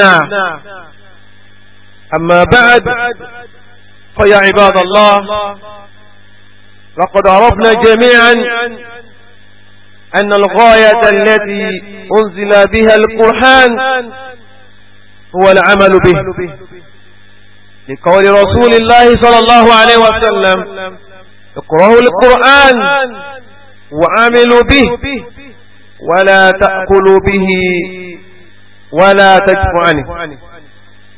نعم أما بعد فيا عباد الله لقد عرفنا جميعا أن الغاية التي أنزل بها القرآن هو العمل به لقول رسول الله صلى الله عليه وسلم اقرأوا القرآن وعملوا به ولا تأكلوا به ولا تكف عنه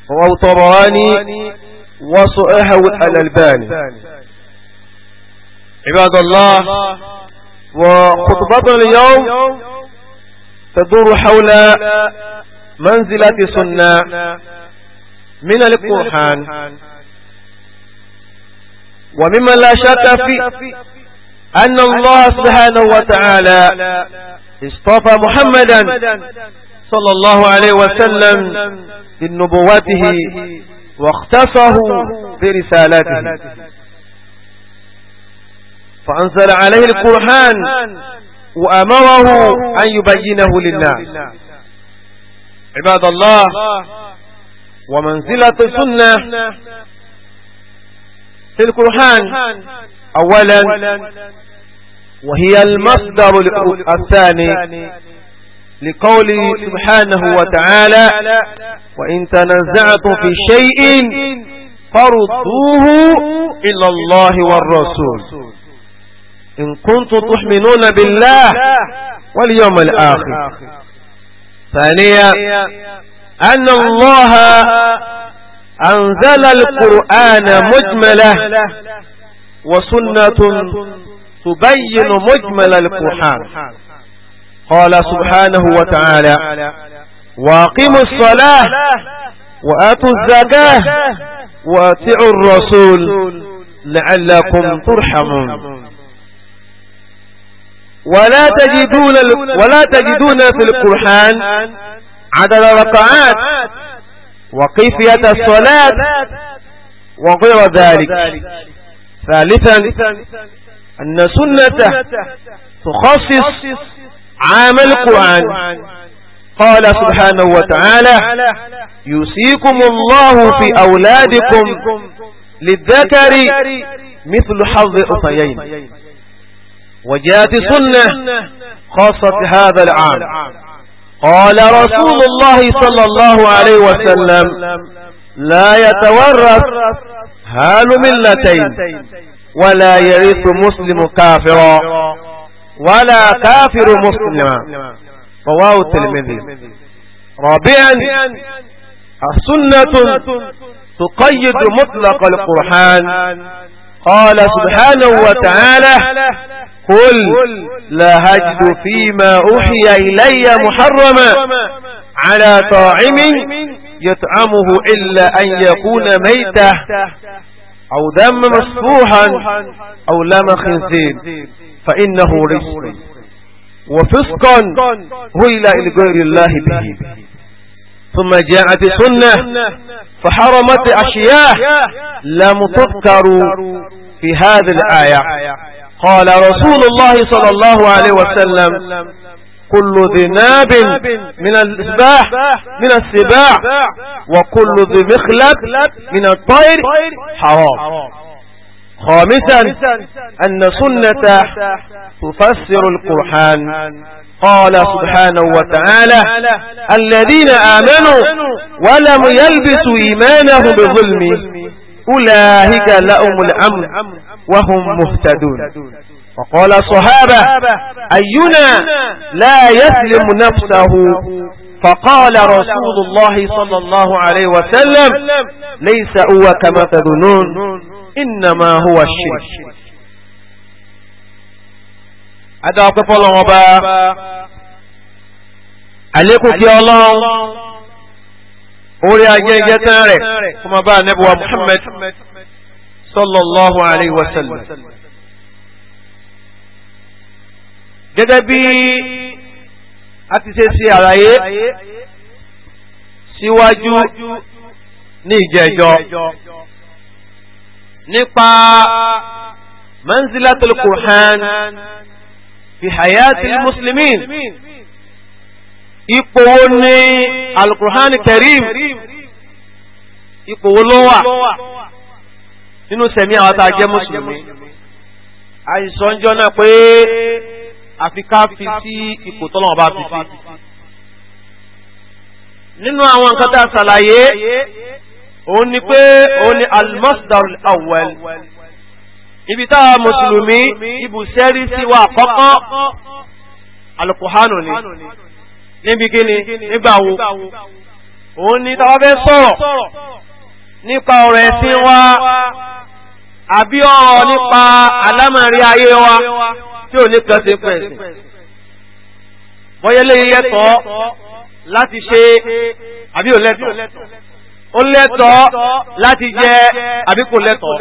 رواه الطبراني وصححه الألباني عباد الله وخطبتنا اليوم تدور حول منزلة سنة من القرآن ومما لا شك في أن الله سبحانه وتعالى اصطفى محمدا صلى الله عليه وسلم بالنبوته واختصه برسالته فأنزل عليه القرآن وأمره أن يبينه للناس عباد الله ومنزلة السنة في القرآن أولا وهي المصدر الثاني لقوله سبحانه وتعالى وإن تنزعت في شيء فردوه إلى الله والرسول إن كنتم تحمنون بالله واليوم الآخر ثانيا أن الله أنزل القرآن مجملة وسنة تبين مجمل القرآن قال سبحانه وتعالى واقموا الصلاة وآتوا الزكاة واتعوا الرسول لعلكم ترحمون ولا تجدون ولا تجدون في القرآن عدد ركعات وكيفية الصلاة وغير ذلك ثالثا أن سنة تخصص عام القرآن قال سبحانه وتعالى يوصيكم الله في أولادكم للذكر مثل حظ أطيين وجاءت سنة خاصة هذا العام قال رسول الله صلى الله عليه وسلم لا يتورث هال ملتين ولا يرث مسلم كافرا ولا كافر مسلم رواه الترمذي رابعا السنة تقيد مطلق القرآن قال سبحانه وتعالى قل لا هجد فيما أوحي إلي محرما على طاعم يطعمه إلا أن يكون ميتا أو دم مصفوحا أو لم خنزير فإنه رزق وفسقا هيل لغير الله به ثم جاءت السنة فحرمت أشياء لم تذكر في هذه الآية قال رسول الله صلى الله عليه وسلم كل ذناب من السباح من السباع وكل ذي مخلب من الطير حرام خامسا أن سنة تفسر القرآن قال سبحانه وتعالى الذين آمنوا ولم يلبسوا إيمانهم بظلم أولئك لهم الأمن وهم مهتدون وقال الصحابة أينا لا يسلم نفسه فقال رسول الله صلى الله عليه وسلم ليس هو كما تظنون إنما هو الشرك هذا أقف الله أبا عليكم في الله أولي أجيجة تارك كما با نبوى محمد صلى الله عليه وسلم جدبي a ti ṣe ṣe àlàyé síwájú ní ìjẹjọ nípa manzilatul Qur'an fi hayatil muslimin ipò wo ni al-Qur'an karim ipò wo ló wà nínú sẹ̀mí àwọn tá a jẹ́ mùsùlùmí àìsàn jọ náà pé àfi ká fi sí ipò tọ́lọ́wọ́n bá fi sí. nínú àwọn nǹkan tá a ṣàlàyé òun ni pé òun ni al-masdar al-awwal ibi táwa mùsùlùmí ibùsẹ́rí sí wa àkọ́kọ́ alukuhanu ni níbi kíni nígbà wo òun ni táwa fẹ́ sọ̀rọ̀ nípa ọ̀rọ̀ ẹ̀sìn wa àbí ọ̀rọ̀ nípa alámọ̀rí ayé wa tí ò ní kan ṣe pẹ̀sìn bọ́yẹ́lé yẹ́tọ́ láti ṣe àbí ò lẹ́tọ̀ ó lẹ́tọ̀ láti jẹ àbí kò lẹ́tọ̀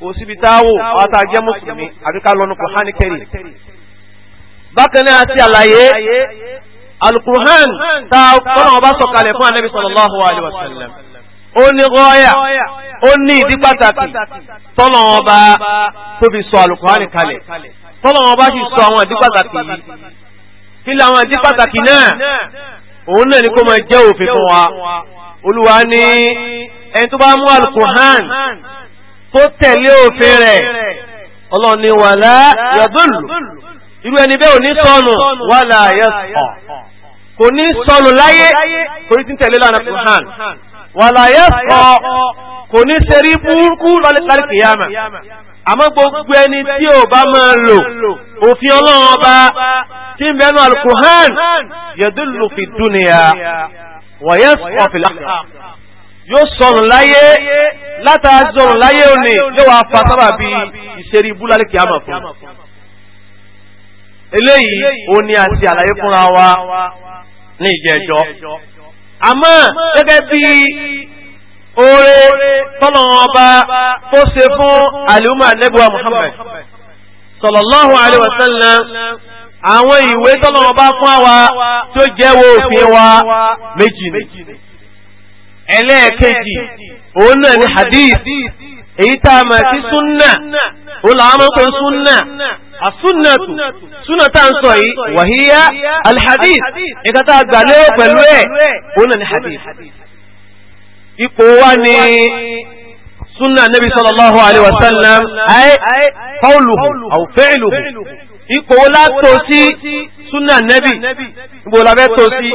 kò síbi táwò ọ̀tá jẹ́ mùsùlùmí àbí ká lọ́nu kò hání bákan náà àti àlàyé alukurhan tá a kọ́nà ọba sọ̀kalẹ̀ fún anabi sallallahu alayhi wa sallam ó ní gọ́ọ̀yà ó ní ìdí pàtàkì tọ́nà ọba tó fi sọ alukurhan kalẹ̀ tọ́lọ́wọ́n bá sì sọ àwọn ìdí pàtàkì yìí kí làwọn ìdí pàtàkì náà òun náà ni kó máa jẹ́ òfin fún wa olúwa ní ẹni tó bá mú alukuhan tó tẹ̀lé òfin rẹ̀ ọlọ́run ni wàlá yadullu irú ẹni bẹ́ẹ̀ ò ní sọnù wàlá yasqa kò ní sọnù láyé torí tí ń tẹ̀lé lánàá alukuhan wàlá yasqa kò ní sẹ́rí burúkú lálẹ́ kìyàmà àmọ́ gbogbo ẹni tí ò bá máa lò òfin ọlọ́run ọba tí ń bẹnu alukuhan yẹdúlù fi dúnìyà wọ̀nyẹ́ ọ̀fìlà yóò sọ̀rùn láyé látara sọ̀rùn láyé òní yóò wá fa sábà bí ìṣeré ibú lálẹ́ kìí àmọ̀ fún eléyìí ó ní àti àlàyé fúnra wa ní ìjẹ́jọ́ àmọ́ gẹ́gẹ́ bí oore tọ́lọ́wọ́n ọba tó ṣe fún àlùmọ́ ànẹ́bùwà Muhammad sallallahu alaihi wasallam àwọn ìwé tọ́lọ́wọ́n bá fún àwa tó jẹ́wọ́ òfin wa méjì ni ẹlẹ́ẹ̀kejì òun náà ni hadith èyí tá a mọ̀ sí súnnà òun làwọn máa ń tá à ń sọ yìí wàhíyá alhadith ìkàtà àgbàlérò pẹ̀lú ẹ̀ òun náà ni hadith ipò wa ni sunna nabi sallallahu alaihi wasallam ay qawluhu aw fi'luhu ipò wo la tò sí sunna nabi ibo la fẹ́ tò sí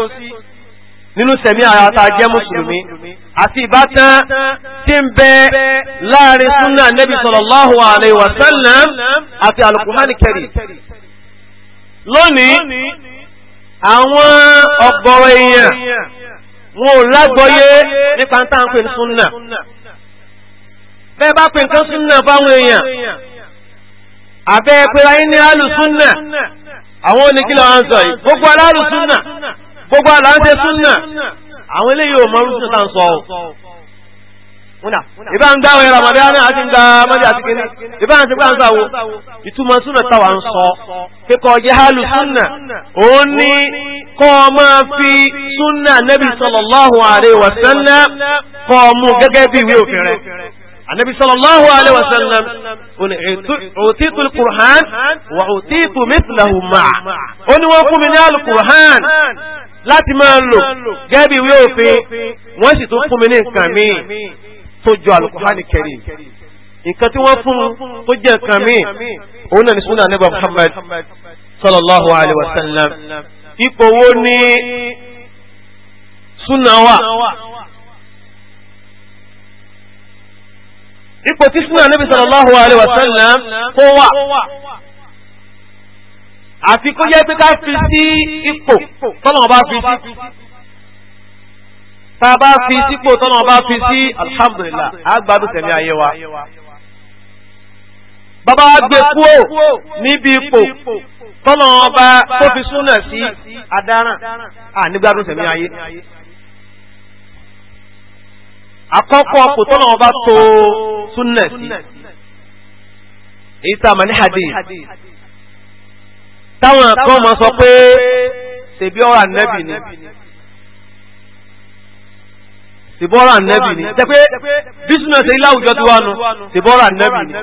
nínú sẹ̀mí ara ta jẹ́ mùsùlùmí àti ìbátan tí ń bẹ láàrin súnà nẹ́bí sallallahu alaihi wa sallam àti alukumani kẹrì lónìí àwọn ọ̀gọ̀rọ̀ èèyàn wọn ò lágbọ́yé nípa ń tàn pé súnà bẹ́ẹ̀ bá pè nǹkan súnà fáwọn èèyàn àfẹ́ pera yín ní alùsúnà àwọn oníkìlọ̀ à ń sọ yìí gbogbo alárùsúnà gbogbo àlàńtẹ súnà àwọn eléyìí ò mọ rúsùn tá ń sọ ọ́ ìbá ń gbáwẹ̀ Ramadan náà àti ń gba mọ́dé àti kìíní ìbá ń sẹ́gbà ń sáwọ́ ìtumọ̀ súnà táwà ń sọ kíkọ́ jẹ́ hálù súnà ó ní kọ́ máa fi súnà nẹ́bí sallallahu alaihi wa sallam kọ́ mú gẹ́gẹ́ bí ìwé òfin rẹ̀ النبي صلى الله عليه وسلم أعطيت القرآن وأعطيت مثله معه أنواق من القرآن láti máa lò gẹ́bí ìwé òfin wọ́n sì tún fún mi ní nǹkan míì tó jọ alukuhani kẹrin nǹkan tí wọ́n fún tó jẹ́ nǹkan míì òun náà ni sunna anabi muhammad sallallahu alayhi wa sallam ipò wo ni sunna wa ipò tí sunna anabi sallallahu alayhi wa sallam kó wà àfi kó jẹ́ pé ká fi sí ipò tọ́lọ́mọba fi sí tá a bá fi sípò tọ́nà bá fi sí alhamdulillah àgbàdùn tẹ̀mí ayé wa bàbá wa gbé kúrò níbi ipò tọ́nà ọba tó fi súnà sí adarán ànígbàdùn tẹ̀mí ayé àkọ́kọ́ kò tọ́nà ọba tó súnà sí èyí tá a mọ̀ ní hadith táwọn kan mọ̀ sọ pé ṣèbí ọ̀rọ̀ ànẹ́bì ni tìbọ́rà nẹ́bì ni jẹ́ pé business ilé àwùjọ ti wá nu tìbọ́rà nẹ́bì ni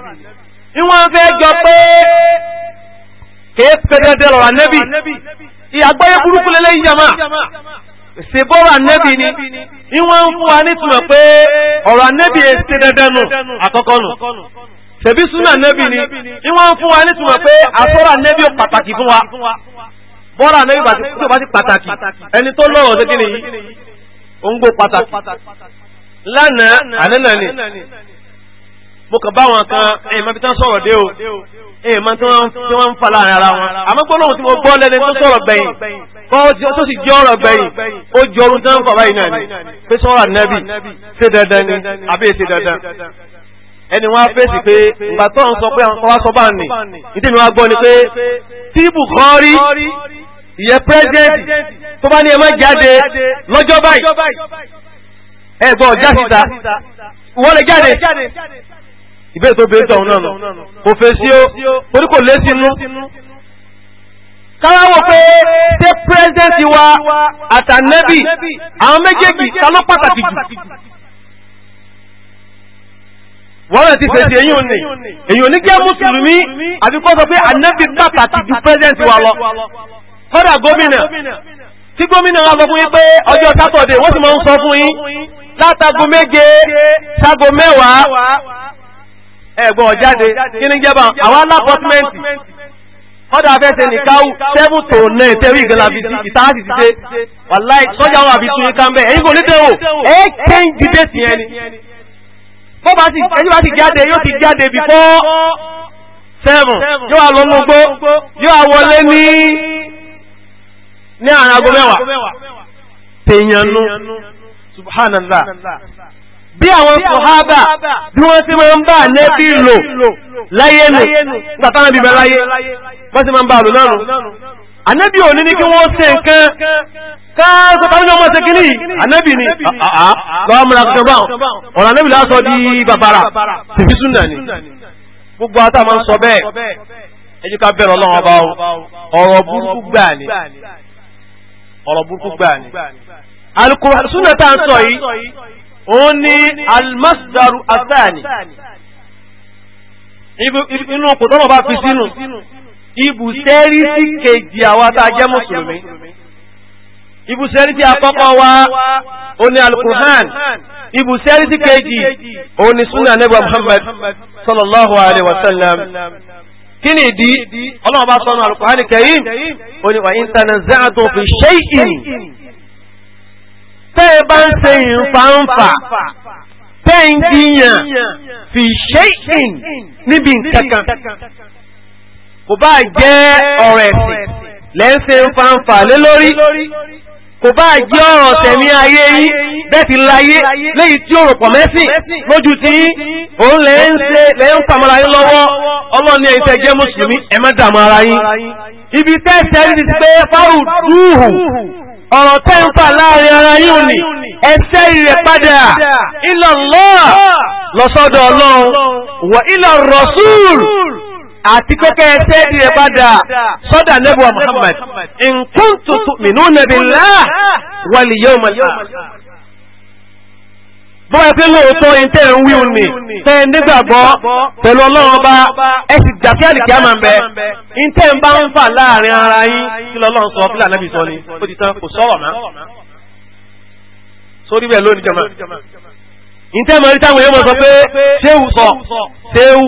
ìwọ̀n fẹ́ jọ pé kéèké dẹ́dẹ́ lọ́ra nẹ́bì ìyàgbọ́yé burúkú lélẹ́yìn jama ṣèbọ́rọ̀ ànẹ́bì ni ìwọ̀n ń fún wa nítumọ̀ pé ọ̀rọ̀ ànẹ́bì ṣe dandan nù àkọ́kọ́ nù ṣèbí súnà ànẹ́bì ni ìwọ̀n ń fún wa nítumọ̀ pé àsọ̀rọ̀ ànẹ́bì ò pàtàkì fún wa bọ́rọ̀ ànẹ́bì bá ti pàtàkì ẹni tó lọ́rọ̀ ó ń gbó pàtàkì lánàá ànánà ni mo kàn bá wọn kan ẹ̀ mọ́ bí tán sọ̀rọ̀ dé o ẹ̀ mọ́ tí wọ́n ń fa láàrin ara wọn àmọ́ gbólóhùn tí mo gbọ́ lẹ́ni tó sọ̀rọ̀ gbẹ̀yìn tó sì jẹ́ ọ̀rọ̀ gbẹ̀yìn ó jọ orun tán kọ̀ báyìí náà ni pé sọ̀rọ̀ ànábì ṣe dandan ni àbí èsì dandan ẹni wọn á fèsì pé ìgbà tó ń sọ pé àwọn kan wá sọ bá ń nì ìdí mi wá gbọ́ ni pé tí Bukhari ìyẹn president tó bá ní ẹ má jáde lọ́jọ́ báyìí ẹ gbọ́ ọjà síta wọ́n lè jáde ìbéèrè tó béèrè tọ̀hún náà nù kò fèsì o torí kò lé sínú káwá wò pé ṣé president wa àtànẹ́bì àwọn méjèèjì ta ló pàtàkì jù wọ́n rẹ̀ ti fèsì èyí òní èyí òní jẹ́ mùsùlùmí àbíkọ́ sọ pé ànẹ́bì pàtàkì jù president wa lọ kọ́dà gómìnà tí gómìnà wá sọ fún yín pé ọjọ́ sátọ̀dẹ̀ wọ́n sì máa ń sọ fún yín látago méje sago mẹ́wàá ẹ̀gbọ́n jáde kí ní jẹ́bà àwọn alápọ́tímẹ́ǹtì kọ́dà afẹ́sẹ̀ nìkáwù seven to nine tẹ́rí ìgbẹ́la fi Seven ìta àti ṣiṣẹ́ wàláì sọ́jà wà fi tún yín kánbẹ́ ẹ̀yin kò ní tẹ́wò ẹ̀ kẹ́ ń dìde sí ẹni bó bá ti ẹni bá ti jáde yóò before seven yóò wà lọ́mọgbó yóò wà wọlé ní ní àárín aago mẹ́wàá tèèyànnú subhanallah bí àwọn sọ̀hábà bí wọ́n ti máa ń bá nẹ́bí lò láyé nù nígbàtà náà bíbẹ̀ láyé wọ́n ti máa ń bá lò lọ́rùn ànẹ́bí ò ní ní kí wọ́n ṣe nǹkan káàkó tàbí ọmọ ṣe kìíní ànẹ́bí ni ah, ah, ah. lọ́wọ́ múra kankan bá ọ̀rọ̀ ànẹ́bí lásọ di bàbàrà tìbí súnà ni gbogbo ata máa ń sọ bẹ́ẹ̀ ẹ ká bẹ̀rẹ̀ ọlọ́run ọba ọ̀rọ̀ burúkú gbà ni ọ̀rọ̀ burúkú gbà ní. alukurani súnà tá à ń sọ yìí òun ni almasdaru asani inú kò tọ́nà bá fi sínú ibùsẹ́rí sí kejì àwa tá a jẹ́ mùsùlùmí ibùsẹ́rí sí àkọ́kọ́ wa òun ni alukurani ibùsẹ́rí sí kejì òun ni súnà nebà Muhammad sallallahu alayhi wa sallam kí ni ìdí ọlọ́run bá sọ́nà Al-Qur'an Al-Karim ó ní wa in tanaza'tum fi shay'in tẹ́ ẹ bá ń ṣe ìfàǹfà tẹ́ ń jiyàn fi shay'in níbi nǹkankan kò bá jẹ́ ọ̀rọ̀ ẹ̀sìn lẹ́ńsẹ̀ ìfàǹfà lé lórí kò bá jẹ́ ọ̀rọ̀ tẹ̀mí ayé yìí bẹ́ẹ̀tì láyé léyìí tí ó rò pọ̀ mẹ́sìn lójú tí òun lè ń ṣe lè ń pàmọ́ra yín lọ́wọ́ ọlọ́ni ẹ̀yin tẹ́ jẹ́ mùsùlùmí ẹ má dààmú ara yín ibi tẹ́ẹ̀sẹ̀ rí ti pé fáwù dúhù ọ̀rọ̀ tẹ́ láàrin ara yín ò ní ẹsẹ́ rẹ̀ padà ila Allah lọ́sọ́dọ̀ ọlọ́run wà ila Rasul àti kókẹ́ ẹsẹ́ di rẹ̀ padà sọ́dà nẹ́bùwà Muhammad in kuntum tu'minuna billah wal yawmal akhir. bọ́wọ́ pé lóòótọ́ in tẹ́ ń wíwù ni tẹ́ ń nígbàgbọ́ pẹ̀lú ọlọ́run ọba ẹ sì gbà kí àlìkí àmà ń bẹ in ń bá ń fà láàrin ara yín kí lọ́lọ́run sọ fúlà nábì sọ ni ó ti tán kò sọ̀rọ̀ mọ́ sórí bẹ́ẹ̀ lónìí jọmọ́ ìtẹ́mọ̀ rí táwọn èèyàn mọ̀ sọ pé ṣéwù sọ ṣéwù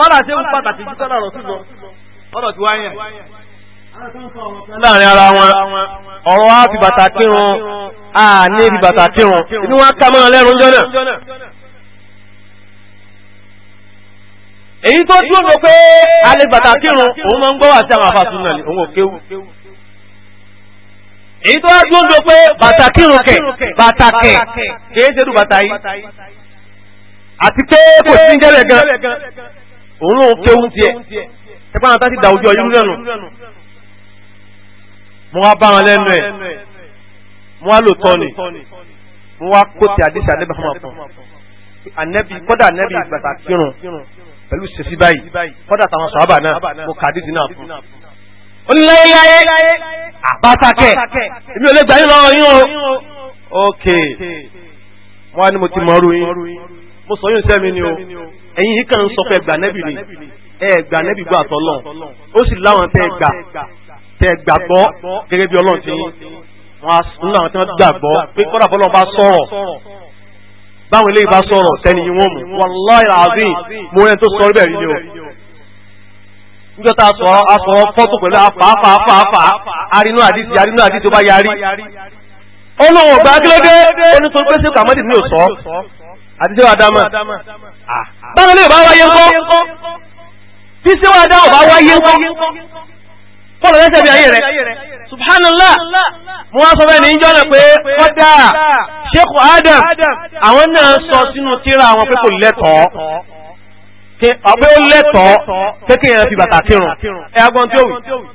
kọ́lá ṣe ń pàtàkì jí sọ́dọ̀ rọ̀ sílọ ọ̀rọ̀ tí wáyà láàrin ara wọn ọ̀rọ̀ á fi bàtà kírun a ní fi bàtà kírun inú wa ká mọ́ra lẹ́rùn jọ́nà èyí tó dúró ló pé a lè bàtà kírun òun máa ń gbọ́ wà sí àwọn afásùn náà òun ò kéwù èyí tó wá dúró ló pé bàtà kírun kẹ̀ bàtà kẹ̀ kì í ṣe dùn bàtà yìí àti pé kò sí ń jẹ́lẹ̀ gan òun lòun kéwú tiẹ̀ ẹgbẹ́ àwọn tàbí dàwùjọ yìí lẹ́nu mo wá bá wọn lẹ́nu ẹ̀ mo wá lò tọ́ ni mo wá kó tẹ àdéṣe àdébà fún wọn ànẹ́bí kọ́dà ànẹ́bí bàtà kírun pẹ̀lú sèṣí báyìí kọ́dà táwọn sọ̀rọ̀ náà mo kà àdéṣe náà fún oníláyéláyé àbátakẹ́ èmi ò lè gbà yín lọ́wọ́ yín o ok wọ́n á ní mo ti mọ̀ ọ́rù yín mo sọ yín sẹ́mi ni o ẹ̀yin yìí kàn ń sọ fún ẹgbà nẹ́bì ni ẹgbà nẹ́bì gbọ́ àtọ́lọ́ ó sì láwọn tẹ́ gbà tẹ́ gbà gbọ́ gẹ́gẹ́ bí ọlọ́run ti wọn láwọn tẹ́ gbà gbọ́ pé kọ́dà bọ́lọ́ bá sọ̀rọ̀ báwọn eléyìí bá sọ̀rọ̀ tẹ́ni yìí wọ́n mú wàláì àbí mo rẹ́ tó sọ ọ́ bẹ̀rẹ̀ ni o níjọ́ tá a sọ̀rọ̀ a sọ̀rọ̀ fọ́tò pẹ̀lú àfààfààfà arínú àdìsí arínú àdìsí tó bá yarí ọlọ́wọ̀n gbà kílódé onítorí pé sí kàmọ́dì ní òsọ́ àti ṣé wàá dámà báwo lè bá wáyé ńkọ́ tí ṣé wàá dámà bá wáyé ńkọ́ kọ́lọ̀ lẹ́sẹ̀ bí ayé rẹ̀ subhanallah mo wá sọ bẹ́ẹ̀ ní ìjọ́ náà pé kọ́dà sheikh adam àwọn náà sọ sínú tíra àwọn pé kò lẹ́tọ̀ọ́ ọ̀pẹ́ ó lẹ́tọ̀ọ́ kékeré fi bàtà kírun ẹ̀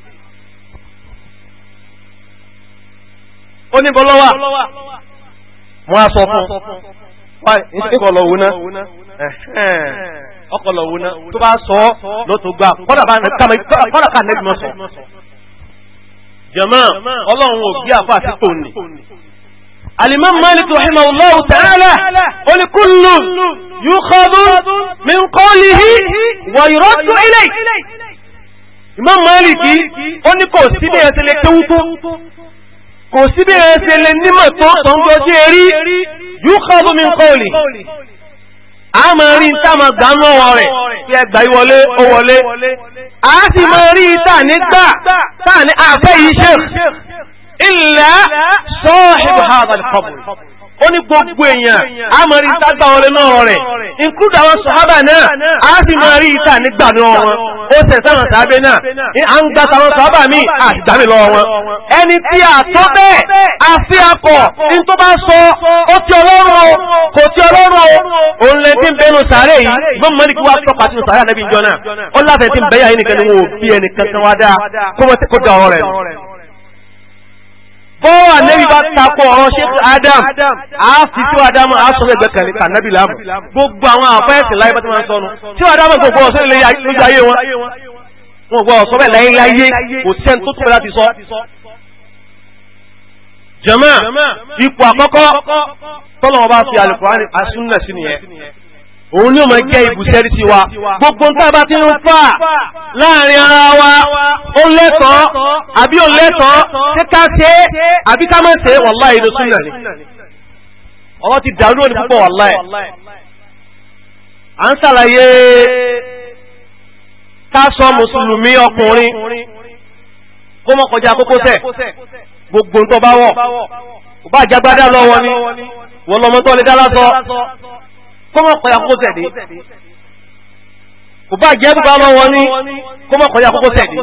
ó ní bọ́ lọ́wà wọ́n á sọ fún wá ìkọlọ̀wò náà ọkọlọ̀wò náà tó bá sọ ló tó gbà kọ́dà ká nẹ́bí sọ jẹ̀mọ́ ọlọ́run ò bí àfà sípò ní الإمام مالك رحمه الله تعالى ولكل يؤخذ من قوله ويرد إليه Imam Maliki ó ní kò sí bí ẹ̀sẹ̀ lè kéwú tó kò sí bí ẹ ṣe lè nímọ̀ tó tọ́ ń gbọ́ sí erí yóò kọ́ fún mi kọ́ òlì a máa rí ìta máa gbà mọ́ ọ̀rọ̀ rẹ̀ tí ẹgbà ìwọlé ó a sì máa rí ìta nígbà táà ní àfẹ́ yìí ṣe ilẹ̀ sọ́ọ̀hìn ó ní gbogbo èèyàn a mọ̀ rí ìta gbà náà rẹ̀ include àwọn sọ̀hábà náà a sì mọ̀ rí ìta nígbà náà wọn ó tẹ̀ sáwọn sàábẹ́ náà à ń gba àwọn sọ̀hábà míì àtìgbà mi lọ́wọ́ wọn. ẹni tí a tó bẹ́ẹ̀ a sí akọ ní tó bá sọ ó ti ọlọ́run o kò ti ọlọ́run o òun lè ti ń bẹnu sàárè yìí ló mọ̀ kí wàá tọ́pa sínú sàárè ànábì ìjọ náà ó láti ti ń bẹ́yà kọ́wà nẹ́bí bá takọ ọ̀rọ̀ sheikh adam a fi tí adam a sọ ẹgbẹ́ kẹrin kànábì láàmù gbogbo àwọn àfẹ́ẹ̀sì láyé bá ti máa ń sọnu tí adam gbogbo ọ̀sẹ̀ lè lójú ayé wọn wọn gbọ́ ọ̀sọ́ bẹ́ẹ̀ láyé láyé kò sẹ́n tó tó láti sọ. jàmáà ipò àkọ́kọ́ òun ni ó máa jẹ́ ibùsẹ́rí sí wa gbogbo ń tábà tí ń fà láàrin ara wa ó lẹ́tọ̀ọ́ àbí ó lẹ́tọ̀ọ́ ṣé ká ṣe é àbí ká má ṣe é wàláhì inú súnà ni ọ̀rọ̀ ti dàrú òní púpọ̀ wàláhì à ń ṣàlàyé ká sọ mùsùlùmí ọkùnrin kó mọ̀ kọjá kókósẹ̀ gbogbo ń tọ́ bá wọ̀ bá àjágbádá lọ́wọ́ ni wọ́n lọ́mọ lè dá lásọ kọ́mọ̀ kọ́ya kókó sẹ̀dé kò bá jẹ́ bá lọ wọn ní kọ́mọ̀ kọ́ya kókó sẹ̀dé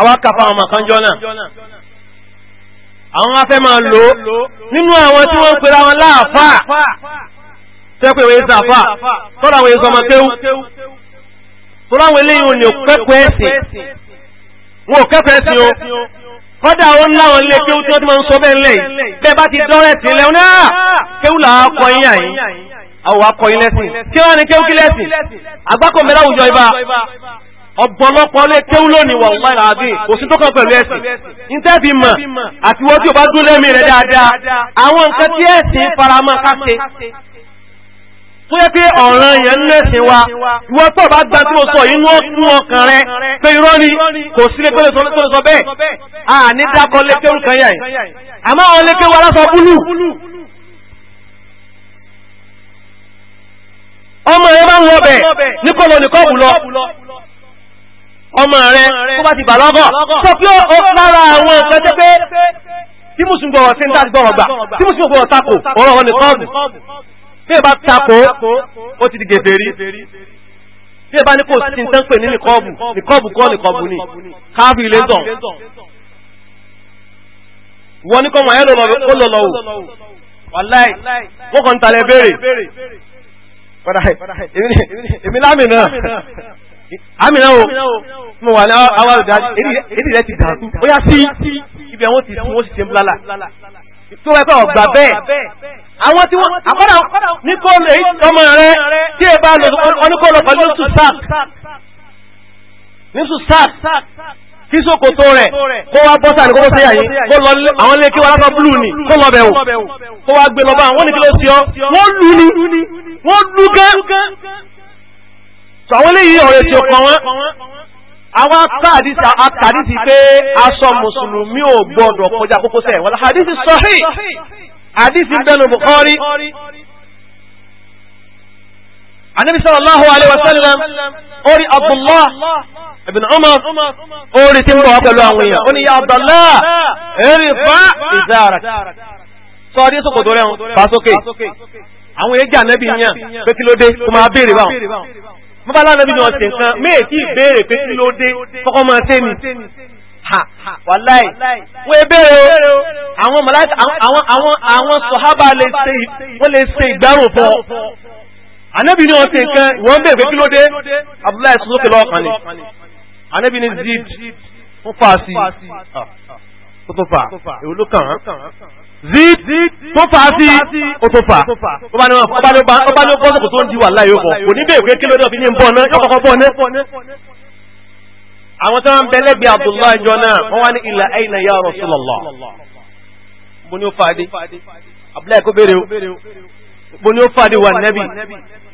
àwa kàfa àwọn àkànjọ náà àwọn afẹ́ máa lò nínú àwọn tí wọ́n ń pera wọn láàfáà tẹ́pẹ́ wọ́n yéésà tọ́lá wọ́n yéésà ọmọ tọ́lá wọ́n eléyìí ò ní kẹ́kọ̀ọ́ ẹ̀sìn wọn ò kẹ́kọ̀ọ́ ẹ̀sìn o kọ́dà ó láwọn ilé kéwú tí wọ́n ti máa ń sọ bẹ́ẹ̀ lẹ́yìn tẹ́ bá ti dọ́rẹ̀ sí lẹ́wọ́n náà ah, kéwú làwọn akọ yín àyín àwọn akọ yín lẹ́sìn kí wọ́n ní kéwú kí lẹ́sìn àgbákò mẹ́lá àwùjọ ibà ọ̀pọ̀lọpọ̀ lé kéwú lónìí wà wọ́n lára bí kò sí tó pẹ̀lú ẹ̀sìn ní tẹ́bi mọ̀ àti wọ́n tí ò bá dún lẹ́mí rẹ̀ dáadáa àwọn nǹkan tí ẹ̀sìn faramọ́ káṣe tó yẹ pé ọ̀ràn yẹn ń lẹ́sìn wa ìwọ tó bá gba tí mo sọ yìí wọ́n ọkàn rẹ pé irọ́ ni kò sí lẹ́gbẹ́ tó sọ bẹ́ẹ̀ a ní dákọ̀ lẹ́kẹ́rù kan yà yìí àmọ́ àwọn lẹ́kẹ́rù aláṣọ búlù ọmọ rẹ bá ń lọ bẹ̀ ní kọ́lọ̀ ní kọ́ọ̀bù lọ ọmọ rẹ kó bá ti bà lọ́gọ̀ sọ pé ó lára àwọn nǹkan jẹ́ pé tí mùsùlùmí gbọ̀rọ̀ sí ń dá gbọ̀rọ̀ gbà tí mùsùlùmí gbọ̀rọ̀ takò ọ̀rọ̀ wọn ní kọ́ọ̀bù tí ẹ bá takò ó ti di gèfèrí tí ẹ bá ní kò sí tán pè ní nìkọ́ọ̀bù nìkọ́ọ̀bù kọ́ nìkọ́ọ̀bù ni káfíìn lè tàn wọ́n ní kọ́ wọ́n yẹn ló lọ lọ́wọ́ wàláì wọ́n kàn ń talẹ̀ béèrè padà èmi lámì náà àmì náà o mo wà ní àwọn àlùdájú èdè rẹ ti dàrú ó yá sí ibi àwọn ti tí wọ́n sì ṣe ń blala tó wẹ́ pẹ́ ọ̀gbà bẹ́ẹ̀ àwọn tí wọ́n àpọ́dà ní kó lè ọmọ rẹ̀ tí ẹ bá lọ oníkó lọ pẹ̀lú sùsáàk ní sùsáàk kí sókòtò rẹ̀ kó wá bọ́sà ní kó sí àyí kó lọ àwọn ilé kí wọ́n lọ́pọ̀ blú ni kó lọ bẹ̀wò kó wá gbé lọ́bà wọ́n ní kí ló sí ọ wọ́n lù ní wọ́n lù gẹ́ àwọn eléyìí ọ̀rẹ́ tí ó kàn wọ́n àwọn akàdìsí pé aṣọ mùsùlùmí ò gbọdọ̀ kọjá kókósẹ̀ wọ́n hadisi àdísì bẹnu Bukhari anabi sallallahu alaihi wasallam ori abdullah ibn umar ori tí ń bọ̀ pẹ̀lú àwọn èèyàn ó ní ya abdullah eri fa izara sọ adé sókò tó rẹun fa sókè àwọn èèyàn jẹ anabi yàn pé kí máa béèrè báwọn mo bá lánàbí ọ̀sẹ̀ nǹkan méèkì béèrè pé kọ́kọ́ máa tẹ́ mi ha wàláì wọ́n ebéèrè o àwọn mọ̀láìkà àwọn àwọn àwọn sọ̀hábà lè ṣe wọ́n lè ṣe ìgbárò fún ọ. ànábì ni wọ́n ṣe nǹkan ìwọ́n bèèrè pé kí ló dé abdullahi sọ́kè lọ́ọ̀kan ni ànábì ni zid ń fà sí ó tó fà èwo ló kàn án zid tó fà sí ó tó fà ó bá ní wọn ó bá ní ó bọ́sọ̀kò tó ń di wàláì yóò bọ̀ kò ní bèèrè kí ló dé ọ̀fi ní bọ̀ náà yóò kọ́kọ́ bọ̀ náà àwọn tó ń bẹ̀lẹ̀ bí Abdullahi jọ náà wọ́n wá ní ilà ayna ya Rasulullah mo ní ó fàdé Abdullahi kò béèrè o mo ní ó fàdé wà nẹ́bì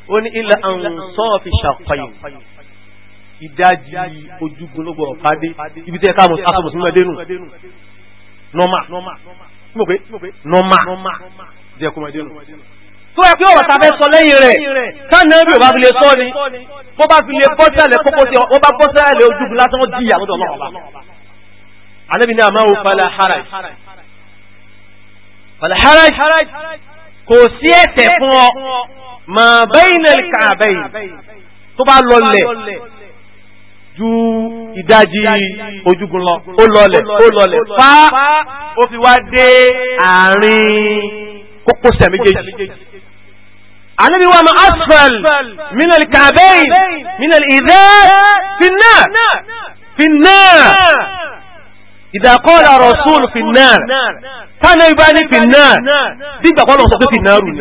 ó ní ilà ansọ́ọ̀fì ṣàkọyìn ìdájí ojúgun ló ibi tẹ́ ká aṣọ mùsùlùmí ẹdẹ́nu nọ́mà tó ẹ pé ọ̀rọ̀ ta fẹ́ sọ lẹ́yìn rẹ̀ káàní ẹ̀rù bá fi lè sọ ni bó bá fi lè bọ́ sẹ́lẹ̀ kókó sí ọ bá bọ́ sẹ́lẹ̀ ojúbu lásán di àbúdọ̀ náà alẹ́bi ní àmọ́ òfàlà haraj fàlà haraj kò sí ẹ̀tẹ̀ fún ọ mà bẹ́yìnà kàbẹ́yìn tó bá lọlẹ̀ ju ìdajì ojúgun lọ ó lọlẹ̀ ó lọlẹ̀ fá ó fi wá dé àárín kókósẹ̀ méjèèjì anabi wa ma asfal min al-ka'bayn min al-idhar fi an-nar fi an-nar idha qala rasul fi an-nar kana ibani fi an-nar digba ko lo sọ pé fi an-nar ni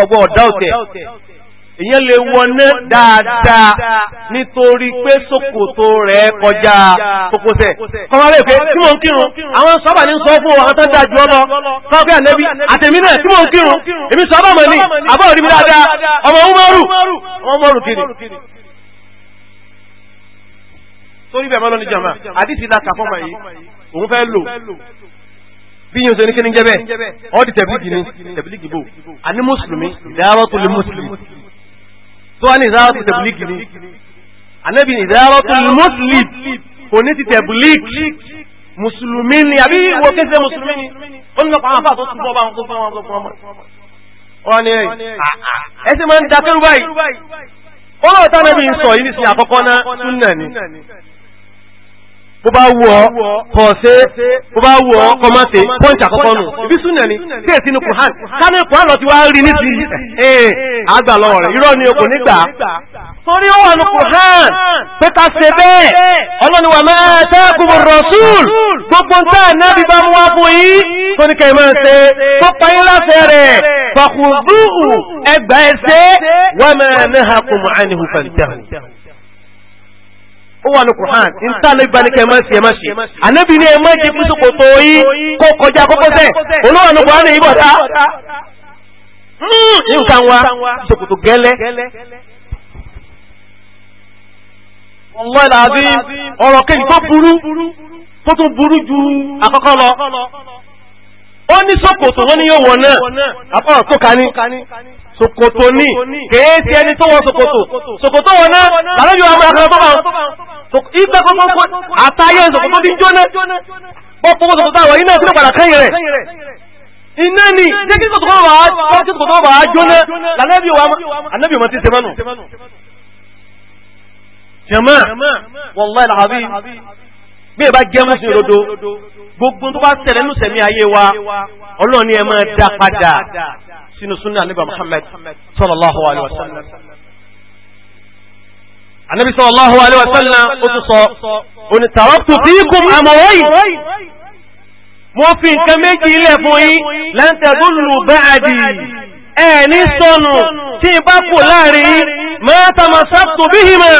ogbo oda ote èyàn lè wọná dáadáa nítorí pé ṣòkòtò rẹ̀ kọjá kókósẹ̀ kọmọlẹ́ ìpé tí mò ń kírun àwọn sọ́bà ní sọ fún àwọn tó dájú ọlọ kọ́gbẹ́ ànẹ́bí àtẹ̀mí náà tí mò ń kírun èmi sọ́bà mọ̀ ní àbọ̀ òrí mi dáadáa ọmọ umaru ọmọ umaru kiri sórí bẹ̀rẹ̀ mọ́lọ́ ní jama àdìsí la kà fọ́mà yìí òun fẹ́ lò bí yín sẹ́ni kí ni jẹ́ bẹ́ẹ̀ ọ́ di tẹ̀bílì gìbò àní mùsùlùmí ìdáwọ́ tó lè mùsùlùmí tó wá ní ìdáratù tẹ̀bùlíkì ni ànábì ní ìdáratù muslim kò ní ti tẹ̀bùlíkì mùsùlùmí ni àbí wo kéṣe mùsùlùmí ni ó ní lọ́pàá àwọn afáàtó tún bọ́ bá wọn kó fún wọn ẹ ṣe máa ń dakẹ́rù báyìí ó lọ́ọ̀tà náà bí sọ yìí ní sin àkọ́kọ́ náà tún ni bó bá wù ọ́ kọ̀ ṣe bó bá wù ọ́ kọ̀ má ṣe pọ́ǹtì àkọ́kọ́ nù ibi súnà ni tí èsì ni kùhán sáré kùhán lọ ti wá rí ní ti àgbà lọ́wọ́ rẹ̀ irọ́ ni o kò torí ó wà ní kùhán pé ká ṣe bẹ́ẹ̀ ọlọ́ni wà máa tẹ́kùn rọ̀ṣúl gbogbo ń tẹ́ ànábì bá mú wá fún yín tó ní kẹ́yìn máa ṣe tó payín láṣẹ rẹ̀ fàkùnzúù ẹgbàá ẹṣẹ́ wà máa náà ó wà ní Qur'an ìtàlẹ̀ ìbánikẹ̀ máa ṣe máa ṣe ànábì ní ẹmọ́ ìdí kí sókò tó yí kó kọjá kókósẹ̀ olówà ní Qur'an ní ìbọ̀ta ní nǹkan wa sókò tó gẹ́lẹ́ ọmọ ìlàbí ọ̀rọ̀ kejì tó burú tó tún lọ ó ní sókò tó wọ́n ní yóò wọ̀ náà àpọ̀ ṣòkòtò ní kèéṣe ẹni tó wọ́n ṣòkòtò ṣòkòtò wọn náà lálẹ́bí wa mọ́ra kan tó bá wọn ìgbà kọ́kọ́ àtayé ṣòkòtò bí jóná pọ́pọ́ ṣòkòtò àwọn iná tó padà kẹ́yìn rẹ̀ iná ni jẹ́ kí ṣòkòtò wọn bá jóná lálẹ́bí wa ànábì wọn ti ṣe mọ́nu. jama wallahi alazim bí ẹ bá jẹ́ mú sí rodo gbogbo tó bá tẹ̀lé nù sẹ́mi ayé wa ọlọ́ọ̀ni ẹ máa dá padà sínú súnà níbà Muhammad sallallahu alaihi wa sallam anabi sallallahu alaihi wa sallam ó tún sọ òní taraktu fiikum amrayn mo fi nǹkan méjì ilẹ̀ fún yín lan tadullu ba'di ẹ̀ ní sọnù tí n bá kù láàrin yín máa tamassaktu bihima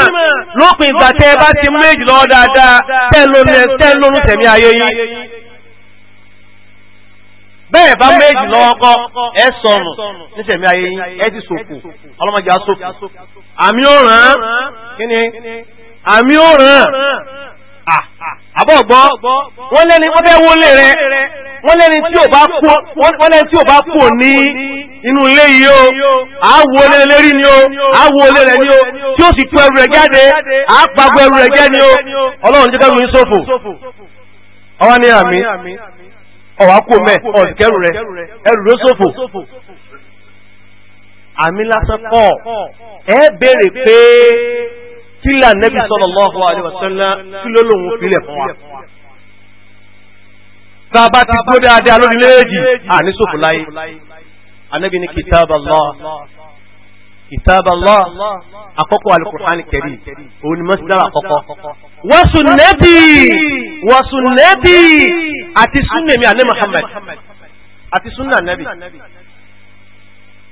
lópin ìgbà tẹ́ bá ti méjì lọ́wọ́ dáadáa tẹ́ lónú tẹ̀mí ayé yín. bẹ́ẹ̀ bá méjì lọ́wọ́ ọkọ ẹ sọnù níṣẹ̀mí ayé yín ẹ ti sòfò ọlọ́mọdé asòfò àmì òràn kíni àmì òràn àbọ̀gbọ́ wọ́n lẹ́ni wọ́n fẹ́ wọlé rẹ wọ́n lẹ́ni tí ò bá kú wọ́n lẹ́ni tí ò bá kú ní inú ilé yìí o àáwò olè lérí ni o awu ole rẹ ni o tí ó sì kú ẹrù rẹ jáde àápagbo ẹrù rẹ jẹ ni o ọlọ́run jẹ́ kẹ́rù yín sófò ọ̀wá kú mẹ́ ọ̀sìkẹ́rù rẹ ẹrù ló ṣòfò àmì lásán kọ́ ẹ béèrè pé kí là nẹ́bí sallallahu alaihi wasallam kí ló lòun filẹ̀ fún wa. tá a bá ti gbó dáadáa lórí àní ṣòfò láyé anẹ́bí ní kitaballah ìtàbàlọ́ àkọ́kọ́ alukur'an kẹrì òun ni mọ́sílára àkọ́kọ́ wọ́sùnẹ́bì wọ́sùnẹ́bì àti súnnẹ̀mí alẹ́ Muhammad àti súnnà nẹ́bì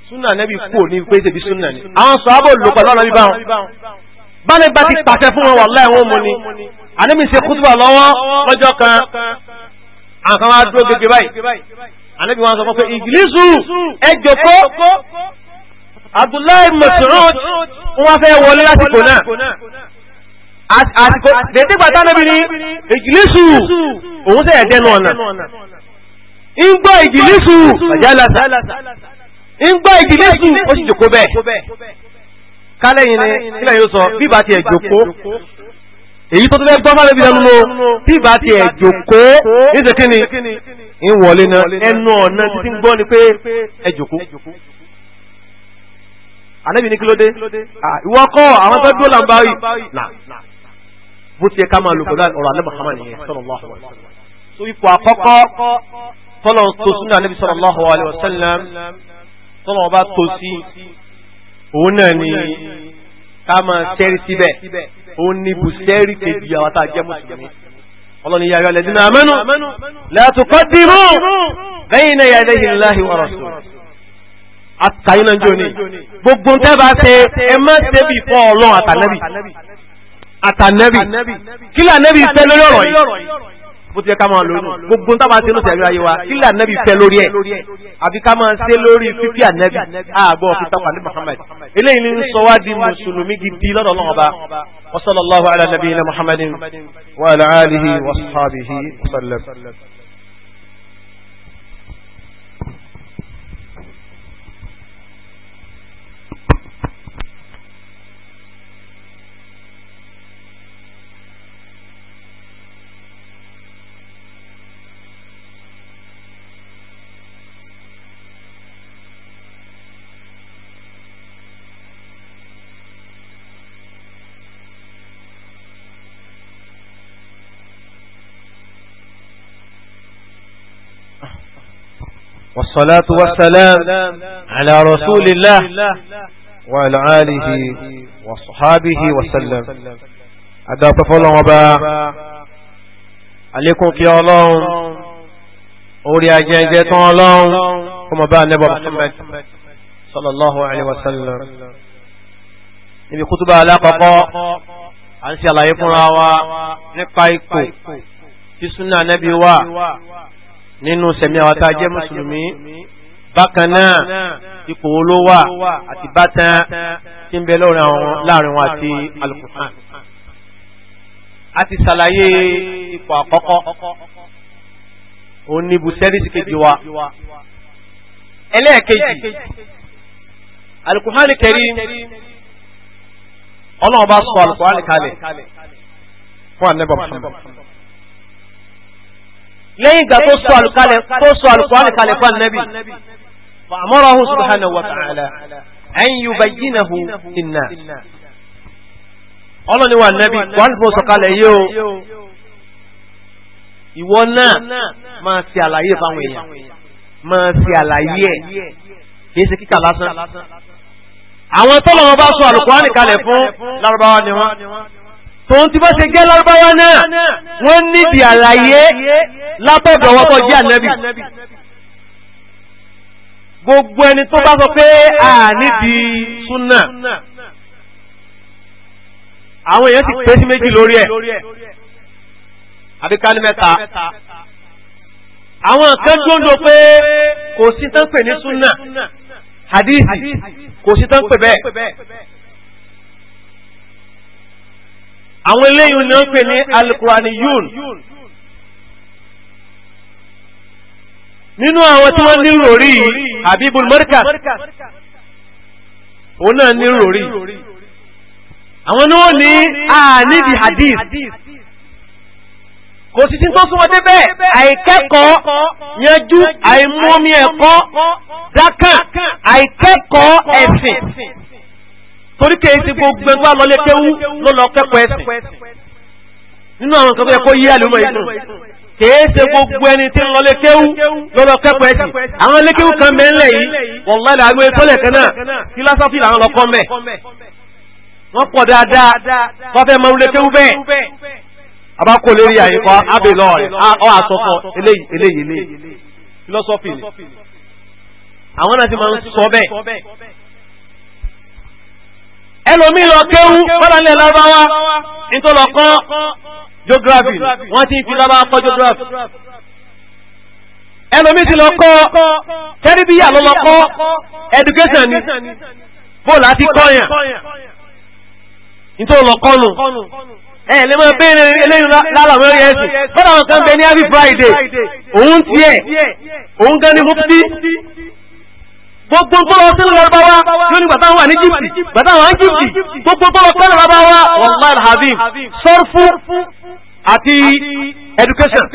súnnà nẹ́bì kú ní pé tẹ̀bí súnnà ni àwọn sọ́ábò lòpọ̀ lọ́nà bí báwọn bálẹ̀ bá ti pàṣẹ fún wọn wallahi wọn mú ni anẹ́bì ṣe kútùbà lọ́wọ́ lọ́jọ́ kan àwọn kan wá dúró gẹ́gẹ́ báyìí anẹ́bì wọn sọ fún pé ìgìlísù ẹjọ́kọ́ Abdullahi ibn Mas'ud wọ́n fẹ́ wọlé lásìkò náà àsìkò gẹ̀ẹ́dẹ́gbà tánàbí ní ìjìlísù òun tẹ́ ẹ̀dẹ́nu ọ̀nà ń gbọ́ ìjìlísù àjálàsà ń gbọ́ ìjìlísù ó sì jòkó bẹ́ẹ̀ kálẹ̀yìn ni kílẹ̀ yóò sọ bí bá ti ẹ̀ jòkó èyí tó tó fẹ́ gbọ́ fálẹ́bí lẹ́nu ló bí bá ti ẹ̀ jòkó ní ṣe kí ni ń wọlé náà ẹnu ọ̀nà títí ń gbọ́ ni pé ẹ jòkó ànábì ní kí ló dé ìwọ kọ́ àwọn tó dúró làǹbá yìí nà bó ti yẹ ká máa lò pẹ̀lú ọ̀rọ̀ ànábì Muhammad nìyẹn sallallahu alaihi wasallam so ipò àkọ́kọ́ tọ́lọ̀ tó súnà ànábì sallallahu alaihi wasallam tọ́lọ̀ ọba tó sí òun náà ni ká máa sẹ́rí síbẹ̀ òun ni bùsẹ́rí kejì àwọn tá a jẹ́ mùsùlùmí ọlọ́ni yàrá ẹlẹ́dínà amanu la tuqaddimu bayna yadayi Allahi wa rasul àtàyínà jò ní gbogbo tẹ́ bá ṣe ẹ má ṣe bí fọ́ ọlọ́run àtànẹ́bì àtànẹ́bì kí lànẹ́bì fẹ́ lórí ọ̀rọ̀ yìí bó ti yẹ ká máa lò nù gbogbo tá a máa ṣe ló tẹ̀lé ayé wa kí lànẹ́bì fẹ́ lórí ẹ̀ àbí ká máa ṣe lórí fífi ànẹ́bì àgbọ̀ fi tàpá ní Muhammad eléyìí ní sọ wá di mùsùlùmí gidi lọ́dọ̀ ọlọ́run ọba wa sallallahu wa sallam. والصلاة والسلام على رسول الله وعلى آله وصحابه وسلم أدى طفل وبا عليكم يا الله أولي أجيجة الله كما با نبى محمد صلى الله عليه وسلم نبي خطبة على قطاع عن سيالله يفنى ونقايكو في سنة نبي وا nínú sẹ̀mí àwọn tá a jẹ́ mùsùlùmí bákan náà ipò wo ló wà àti bátan tí ń bẹ láàrin wọn àti alukuhan a ti ṣàlàyé ipò àkọ́kọ́ òun ni ibùsẹ́rìsì kejì wa ẹlẹ́ẹ̀kejì alukuhani karim ọlọ́run bá sọ alukuhani kalẹ̀ fún anabi muhammad lẹ́yìn ìgbà tó sọ alùkọ́lẹ̀ kalẹ̀ fún ànábì fa'amarahu subhanahu wa ta'ala an yubayyinahu inna ọlọ́ni wa ànábì wọ́n fún sọ̀kalẹ̀ yóò ìwọ náà máa fi àlàyé fáwọn èèyàn máa fi àlàyé ẹ̀ kìí ṣe kíkà lásán àwọn tọ́lọ̀ wọn bá sọ alùkọ́lẹ̀ kalẹ̀ fún lárúbáwá ni wọ́n tòun ti bá ṣe gẹ́ lárúbáwá náà wọ́n nídìí àlàyé lábọ̀dọ̀ wọ́pọ̀ jẹ́ ànábì gbogbo ẹni tó bá sọ pé a nídìí súnà àwọn èèyàn ti pé sí méjì lórí ẹ̀ àbíká ní mẹ́ta àwọn kan dúndò pé kò sí tán pè ní súnà hadith kò sí tán pè bẹ́ẹ̀ àwọn eléyìí ni wọ́n pè ní alukuraniyun nínú àwọn tí wọ́n ní ròrí habibul markaz òun náà ní ròrí àwọn ní wọ́n ní àníbi hadith kò sí tí tó súnmọ́ débẹ̀ àìkẹ́kọ̀ọ́ yanjú àìmọ́mí ẹ̀kọ́ dákàn àìkẹ́kọ̀ọ́ ẹ̀sìn torí kéèsì gbogbo ẹgbẹ́ lọlé kéwú ló lọ kẹ́kọ̀ọ́ ẹ̀sìn nínú àwọn nǹkan tó yẹ kó yí àlùmọ̀ ìsìn kéèsì gbogbo ẹni tí ń lọlé kéwú ló lọ kẹ́kọ̀ọ́ ẹ̀sìn àwọn ilé kéwú kan mẹ́lẹ̀ yìí wọ́n lọ́dà àgbẹ̀ ìtọ́lẹ̀ kan náà fílásọ́fì làwọn lọ kọ́ mẹ́ wọ́n pọ̀ dáadáa wọ́n fẹ́ mọ ilé kéwú bẹ́ẹ̀ àbá kò lórí àyíkọ́ ábè lọ́ọ̀rẹ́ ọ́ àsọ̀kọ eléyìí eléyìí fílọ́sọ́fì ni àwọn náà ti máa ń sọ bẹ́ẹ̀ ẹlòmí lọ kéwú fọ́lánlẹ̀ lárúbáwá nítorí ọkọ́ geography wọ́n ti fi lárúbáwá kọ́ geography ẹlòmí ti lọ kọ́ kẹ́rìbíyà ló lọ kọ́ education ni bóòlù àti kọ́yàn nítorí ọkọ́ nù ẹ lè máa bẹ́ẹ̀rẹ̀ eléyìn lálàmọ́ rí ẹ̀sìn fọ́nà kan bẹ ní happy friday òun tiẹ̀ òun gan ni mufti gbogbo gbọ́lọ̀ sí lọ́rọ̀báwá yóò ní gbàtà wà ní jíptì gbàtà wà ní jíptì gbogbo gbọ́lọ̀ sí lọ́rọ̀báwá wallahi alhabib sọ́rfù àti education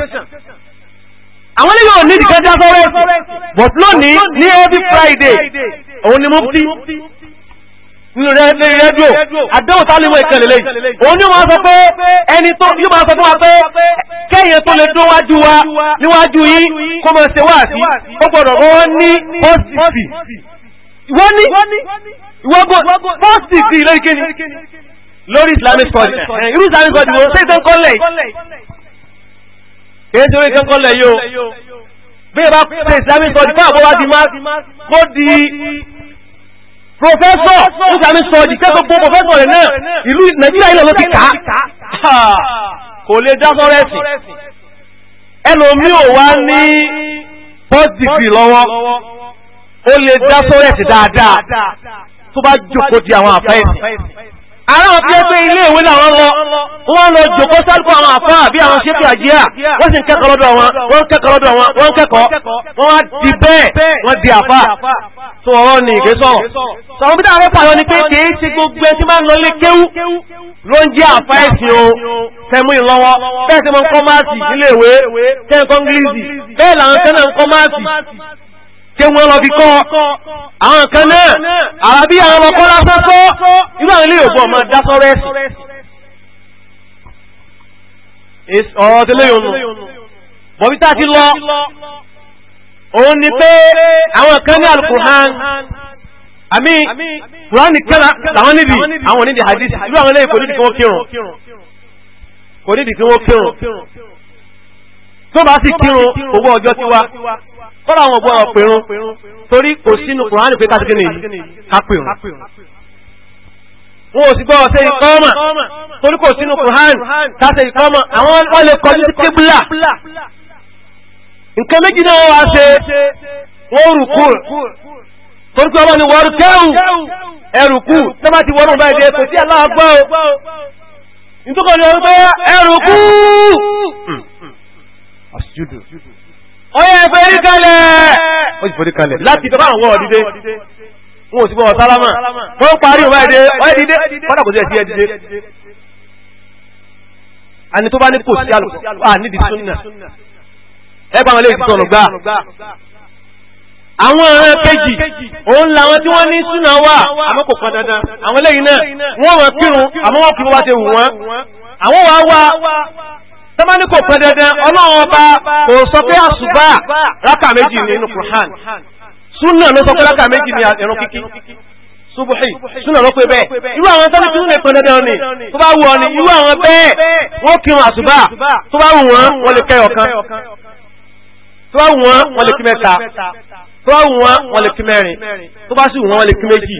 àwọn ilé yóò ní ìdíkẹ́ lórí rẹ́díò àdéhùn tálíwọ̀ ìkẹlẹ̀lẹ̀ òun ni wọ́n sọ pé ẹni tó yíò máa sọ fún wa pé kẹ́yìn tó lè dún wájú wa níwájú yìí kó mọ̀ ṣe wá sí ó gbọ́dọ̀ wọ́n ní pọ́sìtì wọ́n ní ìwọ́gbọ́ pọ́sìtì lórí kíni lórí islamic study irú islamic study wọ́n ṣe ìtàn kọ́lẹ̀ èyí tó rí ìtàn kọ́lẹ̀ yóò bí ẹ bá pè islamic study fún àbọ̀wá di má kó di professor islami sọ́ọ̀dì kẹ́kọ̀ọ́ gbogbo professor rẹ̀ náà ìlú nàìjíríà ilẹ̀ ló ti kà á kò lè dá sọ́rọ̀ ẹ̀sìn ẹlòmí ò wá ní pọ́sìtìfì lọ́wọ́ ó lè dá sọ́rọ̀ ẹ̀sìn dáadáa tó bá jókòó di àwọn àfẹ́ ẹ̀sìn àwọn tí ó pé ilé ìwé làwọn lọ wọ́n lọ jòkó sálùkọ́ àwọn àfá àbí àwọn ṣépì àjíyà wọ́n sì ń kẹ́kọ̀ọ́ lọ́dọ̀ wọn wọ́n ń kẹ́kọ̀ọ́ lọ́dọ̀ wọn wọ́n ń kẹ́kọ̀ọ́ wọ́n wá di bẹ́ẹ̀ wọ́n di àfá tó ọ̀rọ̀ ni ìgbé sọ̀rọ̀ sọ̀rọ̀ bí dáhùn pààyàn ni pé kìí ṣe gbogbo ẹtí máa ń lọ lé kéwú ló ń jẹ́ àfá ẹ̀sìn o tẹ̀mú ìlọ́wọ́ bẹ́ẹ̀ tí mo ń kọ́ máàsì níléèwé tẹ́ ń bẹ́ẹ̀ làwọn tẹ́lẹ̀ ń kọ́ máàsì kí wọ́n lọ fi kọ́ àwọn kan náà àràbí àwọn ọmọkọ́ lásán sọ inú àwọn ilé ògbọ́n máa dá sọ́rọ́ ẹ̀sì ọ̀rọ̀ tẹ́lẹ̀ yòónù bọ̀bí tá a ti lọ òun ni pé àwọn kan ní alukurhan àmì kurani kẹ́ra làwọn níbi àwọn onídìí hadith irú àwọn eléyìí kò nídìí kí wọ́n kírun kò nídìí kí wọ́n kírun tó bá sì kírun owó ọjọ́ tiwa kọ́ra àwọn ọ̀gbọ́n pẹ̀rún torí kò sínú kùránì pé káṣíkì nìyí ká pẹ̀rún ò sì gbọ́ ọ̀sẹ̀ ìkọ́mà torí kò sínú kùránì káṣẹ̀ ìkọ́mà àwọn ọlẹ́ kọjú sí kébùlà nǹkan méjì náà wá ṣe wọ́n rù torí pé ọmọ ni wọ́n rù kẹ́rù tó bá ti wọ́n kò sí aláàgbọ́ nítorí ọyẹ forí kalẹ̀ ó sì forí kalẹ̀ láti tọ́ báwọn wọ́ọ̀ dídé wọn ò sì fọwọ́ sálámà tó ń parí òun ẹ̀dẹ́ ọyẹ dídé kọ́dà kò sí ẹ̀sí ẹ̀dídé àní tó bá ní kò sí àlùkò à nídìí súnà ẹ bá wọn lè sọ ọ̀nà gbà àwọn ọ̀ràn kejì òun làwọn tí wọ́n ní súnà wà àmọ́ kò pọn dandan àwọn eléyìí náà wọ́n wọ́n kírun àmọ́ wọ́n kírun wá ṣe wù wọ́n àwọn wàá wá tọ́mọ́ní kò pẹ́ dandan ọlọ́run ọba kò sọ pé àṣùbà rákà méjì nínú Qur'an súnà ló sọ pé rákà méjì ní ẹ̀rọ kíkí subuhi súnà ló pé bẹ́ẹ̀ irú àwọn tọ́mọ́ tí súnà pẹ́ dandan ni tó bá wù ọ ni irú àwọn bẹ́ẹ̀ wọ́n kírun àṣùbà tó bá wù wọ́n wọ́n lè kẹ́ ọ̀kan tó bá wù wọ́n wọ́n lè kí mẹ́ta tó bá wù wọ́n wọ́n lè kí mẹ́rin tó bá sì wù wọ́n wọ́n lè kí méjì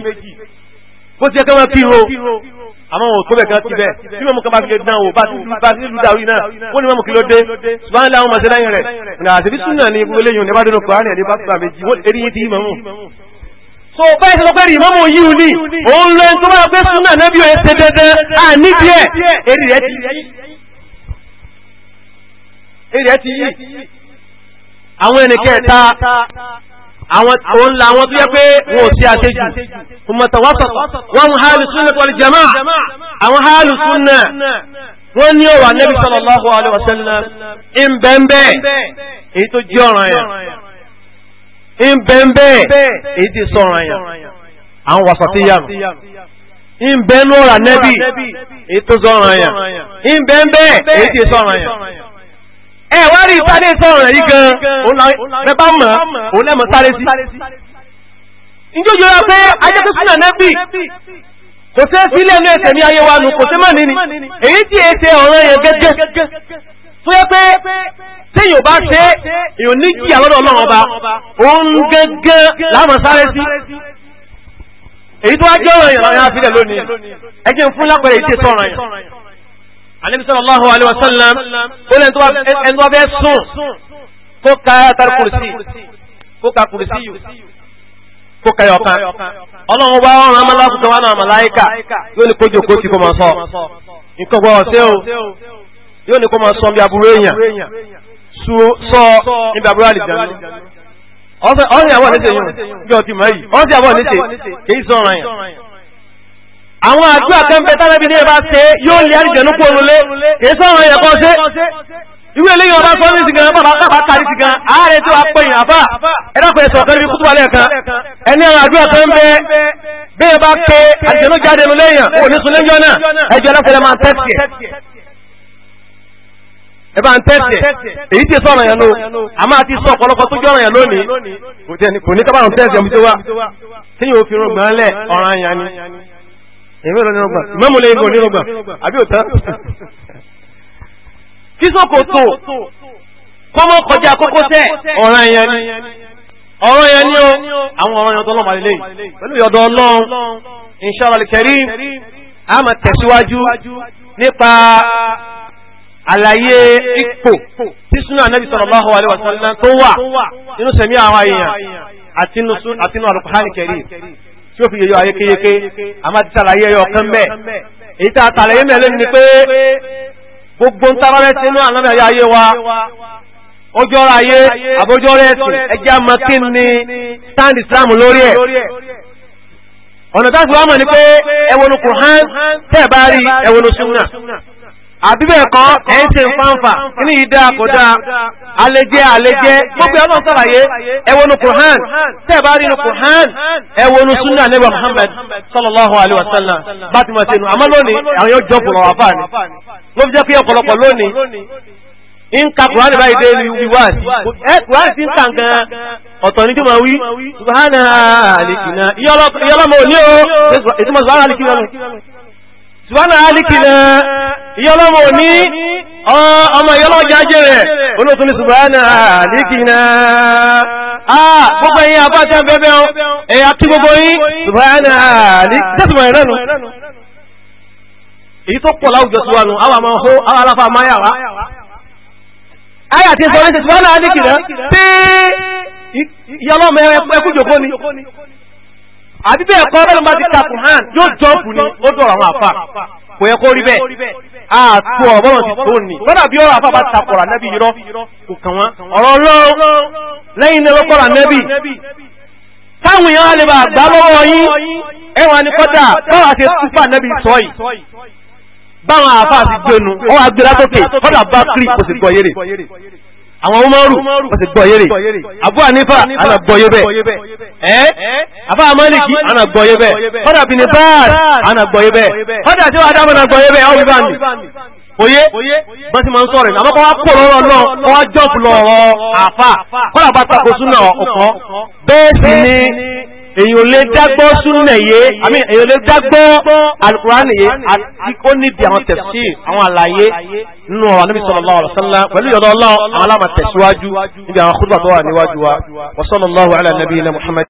bó ti yẹ kí wọ́n àmọ́ wọn tó bẹ̀ kan ti bẹ̀ tí mọ̀mú kan bá fi dán o bá ti lù dàrú iná wọ́n ní mọ̀mú kí ló dé ṣùgbọ́n láwọn máa ṣe láyìn rẹ̀ nà àtẹ̀bí súnà ní gbogbo eléyìí nípa dínú kọ́ra ní bá fúnra méjì wọ́n eré ti mọ̀mú. so báyìí sọ pé rí mọ́mú yìí ni òun lọ ẹni tó bá gbé súnà lẹ́bí òye ṣe dandan à díẹ̀ eré rẹ̀ ti yí àwọn ẹnì kẹta àwọn òun la tó yẹ pé wọn ò sí àtẹ́jù ọmọta wọn mú hálù súnnà wal suna, àwọn hálù súnnà wọ́n ní ọ̀wà nẹ́bí sallallahu alaihi wasallam èyí tó jẹ́ ọ̀ràn yẹn ìbẹ̀m̀bẹ̀ èyí tí sọ ọ̀ràn yẹn àwọn wasatiyya ìbẹ̀m̀bẹ̀ èyí tó sọ ọ̀ràn yẹn ìbẹ̀m̀bẹ̀ èyí tí sọ ọ̀ràn yẹn ẹ wá rí sáré sọ̀rọ̀ yìí gan mẹ́bà mọ̀ òun lẹ́mọ̀ sáré sí njó yọra pé ajẹ́kùsùn náà nẹ́bì kò sí sílẹ̀ ní ẹ̀sẹ̀ ní ayé wa nù kò sí mọ̀ nínú èyí tí è ṣe ọ̀rọ̀ yẹn gẹ́gẹ́ tó yẹ pé téèyàn bá ṣe èèyàn ní jìyà lọ́dọ̀ ọlọ́run ọba òun gẹ́gẹ́ láàmú sáré sí èyí tó wá jẹ́ ọ̀rọ̀ yẹn lọ́yà sílẹ̀ lónìí ẹ jẹ́ fún lápẹ̀rẹ̀ ìṣe sọ̀rọ̀ yẹn Ànábì sallallahu alaihi wasallam ó lẹ́nu tó bá fẹ́ sùn kó ka kárìkùrìsì kó ka kùrìsì yìí kó ka yọ̀ kan ọlọ́run bá ọ̀run amálákùtà wà náà màláìkà yóò ní kójú kó ti kó máa sọ nǹkan gbọ́ ọ̀sẹ́ o yóò ní kó máa sọ bí aburú èèyàn sọ níbi aburú àlìjánu ọ̀sẹ̀ àwọn ẹ̀ṣẹ̀ yìí ọ̀sẹ̀ àwọn ẹ̀ṣẹ̀ kì àwọn àdúrà kẹ́ńpẹ́ tánàbí ní ẹbá ṣe yóò lè àrìjẹ̀nú kó rúlé èso àwọn ẹ̀kọ́ ṣe ìwé eléyìn ọba sọ́ọ́nì sí gan bàbá bàbá kárí sí gan ààrẹ tí wà pé yìn àfà ẹ̀dàpọ̀ ẹ̀sọ̀ kan níbi kútùbà lẹ́ẹ̀kan ẹni àwọn àdúrà kẹ́ńpẹ́ bí ẹ bá pe àrìjẹ̀nú jáde nù lẹ́yìn ò ní sunlé jọ náà ẹjọ́ ẹlẹ́fẹ̀lẹ́ máa ń tẹ́sì ẹ bá ń tẹ́sì èyí ti sọ̀rọ̀ yẹn ló a máa ti sọ ọ̀pọ̀lọpọ̀ tó jọ̀rọ̀ yẹn lónìí kò ní kábàrún tẹ́sì ọmọ tí wa tí yóò fi rògbọ̀n lẹ̀ ọ̀ràn yẹn ni èmi ò nírọ̀gbà ìmáàmù lẹ́yìn kò nírọ̀gbà àbí òtá kí ṣòkòtò kọ́mọ kọjá kókósẹ̀ ọ̀ràn yẹn ni ọ̀rọ̀ yẹn ni ó àwọn ọ̀rọ̀ yẹn tó lọ́mọ àlelẹ́yìn pẹ̀lú ìyọ̀dọ̀ ọlọ́run inshallah karim a máa tẹ̀síwájú nípa àlàyé ipò tí súnà anábì sallallahu alaihi wasallam tó wà nínú sẹ̀mí àwọn èèyàn àtinú àlùkùránì karim tí ó fi yẹ yọ ayé kéyéké àmọ́ ti ṣàlàyé ẹyọ kan bẹ́ẹ̀ èyí tá a ṣàlàyé mẹ́ lónìí ni pé gbogbo ń tábàbẹ́ sínú àlọ́nà ẹ̀yà ayé wa ojú ọ̀rọ̀ ayé àbójú ọ̀rọ̀ ẹ̀sìn ẹjẹ́ àmọ́ ni stand Islam lórí ẹ̀ ọ̀nà táàbù wa mọ̀ ni pé ẹwọ́nu Qur'an tẹ́ẹ̀ bá rí ẹwọ́nu sunna àbí bẹ́ẹ̀ kọ́ ẹ̀ ń ṣe nfànfà kíní yìí dáa kò dáa alẹ́jẹ́ alẹ́jẹ́ gbogbo ọlọ́run sàlàyé ẹwọnú kùrán tẹ́ bá rí inú kùrán ẹwọnú súnà nẹ́bà Muhammad sallallahu alaihi wasallam bá ti máa ṣe nù àmọ́ lónìí àwọn yóò jọ bùrọ̀ wàfà ni wọ́n fi jẹ́ pé ọ̀pọ̀lọpọ̀ lónìí ń ka kùrán báyìí dé ní wíwá sí ẹ kùrán sí ń kà nǹkan ọ̀tọ̀ ní tí wí subhana alikina iyọlọmọ òní o ìtumọ̀ subhana alikina subhana alikina ìyọlọ́mọ òní ọmọ ìyọlọ́jà jẹrẹ olóòtú ní subhana alikina ah gbogbo ẹ̀yin àbájá bẹ́ẹ̀ ẹ̀yà kí gbogbo yín subhana alikina tẹ́sùmọ̀ ìrẹ́nu èyí tó pọ̀ láwùjọ tí wọ́n nù àwọn àmọ́ hó subhana alikina pé ìyọlọ́mọ ẹkú àbí bẹ́ẹ̀ kọ́ bẹ́ẹ̀ ló máa ti ta kùnhán yóò jọ́ọ̀pù ni ó dọ̀rọ̀ àwọn àfà kò yẹ kó rí bẹ́ẹ̀ àtò ọ̀bọ̀n ti tó ní kọ́dà bí ọ̀rọ̀ àfà bá ta kọ̀rọ̀ ànẹ́bí yìí rọ́ kò kàn wọ́n ọ̀rọ̀ lọ́wọ́ lẹ́yìn náà lọ́kọ̀rọ̀ ànẹ́bí táwọn èèyàn á lè bá gbá lọ́wọ́ yín ẹwà ní kọ́dà báwa ṣe túfà ànẹ́bí sọ yìí báwọn àfà ti gbénu ó àwọn umaru wọ́n ti gbọ́ yẹ́rẹ̀ abu ana gbọ́ yẹ́ ẹ́ afa maliki ana gbọ́ yẹ́ bẹ́ẹ̀ kọ́dà bìnnì báàr ana gbọ́ yẹ́ bẹ́ẹ̀ kọ́dà tí wọ́n adá mana gbọ́ oye bọ́n ti máa ń sọ̀rọ̀ àmọ́ kọ́ wá pọ̀ lọ́rọ̀ náà kọ́ wá jọ́ọ̀pù lọ́rọ̀ àfà kọ́dà bá takosú náà ọ̀kan bẹ́ẹ̀ sì ni èyàn lè dágbọ́ súnlẹ̀ yé àmì èyàn lè dágbọ́ alukurani yé ó níbi àwọn tẹ̀sí àwọn àlàyé nínú àwọn anábì sallallahu alaihi wasallam pẹ̀lú ìyọ̀dọ̀ ọlọ́run àwọn aláma tẹ̀síwájú níbi àwọn khutbah tó wà níwájú wa wa sallallahu ala nabiyina Muhammad